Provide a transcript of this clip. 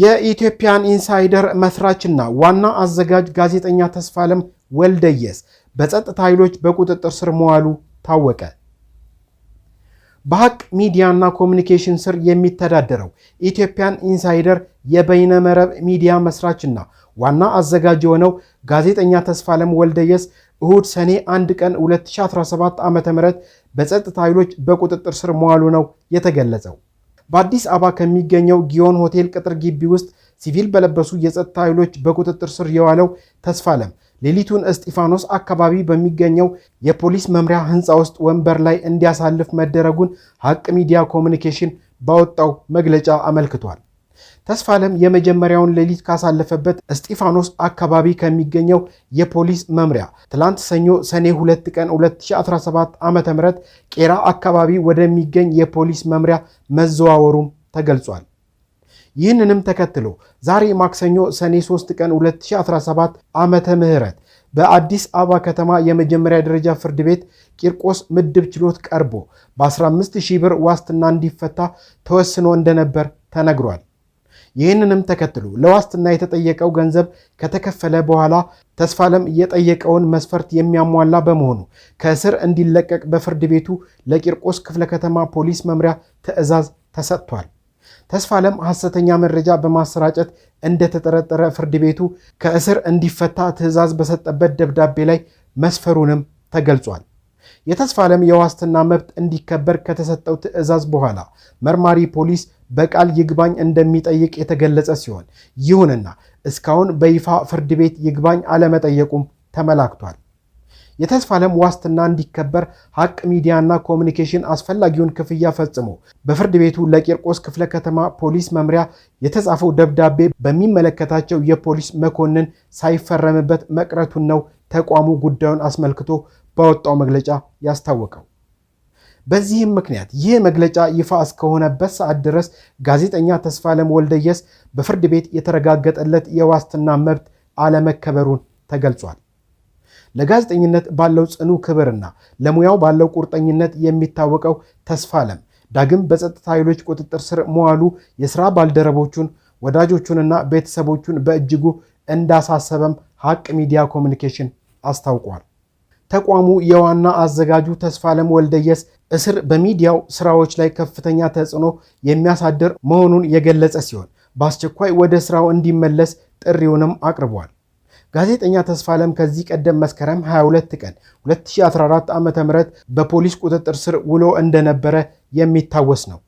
የኢትዮጵያን ኢንሳይደር መስራችና ዋና አዘጋጅ ጋዜጠኛ ተስፋለም ወልደየስ በጸጥታ ኃይሎች በቁጥጥር ስር መዋሉ ታወቀ። በሀቅ ሚዲያና ኮሚኒኬሽን ስር የሚተዳደረው ኢትዮጵያን ኢንሳይደር የበይነመረብ ሚዲያ መስራችና ዋና አዘጋጅ የሆነው ጋዜጠኛ ተስፋለም ወልደየስ እሁድ ሰኔ 1 ቀን 2017 ም በጸጥታ ኃይሎች በቁጥጥር ስር መዋሉ ነው የተገለጸው። በአዲስ አበባ ከሚገኘው ጊዮን ሆቴል ቅጥር ግቢ ውስጥ ሲቪል በለበሱ የጸጥታ ኃይሎች በቁጥጥር ስር የዋለው ተስፋለም ሌሊቱን እስጢፋኖስ አካባቢ በሚገኘው የፖሊስ መምሪያ ህንፃ ውስጥ ወንበር ላይ እንዲያሳልፍ መደረጉን ሀቅ ሚዲያ ኮሚኒኬሽን ባወጣው መግለጫ አመልክቷል። ተስፋለም የመጀመሪያውን ሌሊት ካሳለፈበት እስጢፋኖስ አካባቢ ከሚገኘው የፖሊስ መምሪያ ትላንት ሰኞ ሰኔ 2 ቀን 2017 ዓ ም ቄራ አካባቢ ወደሚገኝ የፖሊስ መምሪያ መዘዋወሩም ተገልጿል። ይህንንም ተከትሎ ዛሬ ማክሰኞ ሰኔ 3 ቀን 2017 ዓመተ ምህረት በአዲስ አበባ ከተማ የመጀመሪያ ደረጃ ፍርድ ቤት ቂርቆስ ምድብ ችሎት ቀርቦ በ15 ሺህ ብር ዋስትና እንዲፈታ ተወስኖ እንደነበር ተነግሯል። ይህንንም ተከትሎ ለዋስትና የተጠየቀው ገንዘብ ከተከፈለ በኋላ ተስፋለም የጠየቀውን መስፈርት የሚያሟላ በመሆኑ ከእስር እንዲለቀቅ በፍርድ ቤቱ ለቂርቆስ ክፍለ ከተማ ፖሊስ መምሪያ ትዕዛዝ ተሰጥቷል። ተስፋለም ሐሰተኛ መረጃ በማሰራጨት እንደተጠረጠረ ፍርድ ቤቱ ከእስር እንዲፈታ ትዕዛዝ በሰጠበት ደብዳቤ ላይ መስፈሩንም ተገልጿል። የተስፋለም የዋስትና መብት እንዲከበር ከተሰጠው ትዕዛዝ በኋላ መርማሪ ፖሊስ በቃል ይግባኝ እንደሚጠይቅ የተገለጸ ሲሆን ይሁንና እስካሁን በይፋ ፍርድ ቤት ይግባኝ አለመጠየቁም ተመላክቷል። የተስፋለም ዋስትና እንዲከበር ሐቅ ሚዲያና ኮሚኒኬሽን አስፈላጊውን ክፍያ ፈጽሞ በፍርድ ቤቱ ለቂርቆስ ክፍለ ከተማ ፖሊስ መምሪያ የተጻፈው ደብዳቤ በሚመለከታቸው የፖሊስ መኮንን ሳይፈረምበት መቅረቱን ነው ተቋሙ ጉዳዩን አስመልክቶ ባወጣው መግለጫ ያስታወቀው። በዚህም ምክንያት ይህ መግለጫ ይፋ እስከሆነበት ሰዓት ድረስ ጋዜጠኛ ተስፋለም ወልደየስ በፍርድ ቤት የተረጋገጠለት የዋስትና መብት አለመከበሩን ተገልጿል። ለጋዜጠኝነት ባለው ጽኑ ክብርና ለሙያው ባለው ቁርጠኝነት የሚታወቀው ተስፋለም ዳግም በጸጥታ ኃይሎች ቁጥጥር ስር መዋሉ የሥራ ባልደረቦቹን ወዳጆቹንና ቤተሰቦቹን በእጅጉ እንዳሳሰበም ሐቅ ሚዲያ ኮሚኒኬሽን አስታውቋል። ተቋሙ የዋና አዘጋጁ ተስፋለም ወልደየስ እስር በሚዲያው ስራዎች ላይ ከፍተኛ ተጽዕኖ የሚያሳድር መሆኑን የገለጸ ሲሆን በአስቸኳይ ወደ ስራው እንዲመለስ ጥሪውንም አቅርቧል። ጋዜጠኛ ተስፋለም ከዚህ ቀደም መስከረም 22 ቀን 2014 ዓ.ም በፖሊስ ቁጥጥር ስር ውሎ እንደነበረ የሚታወስ ነው።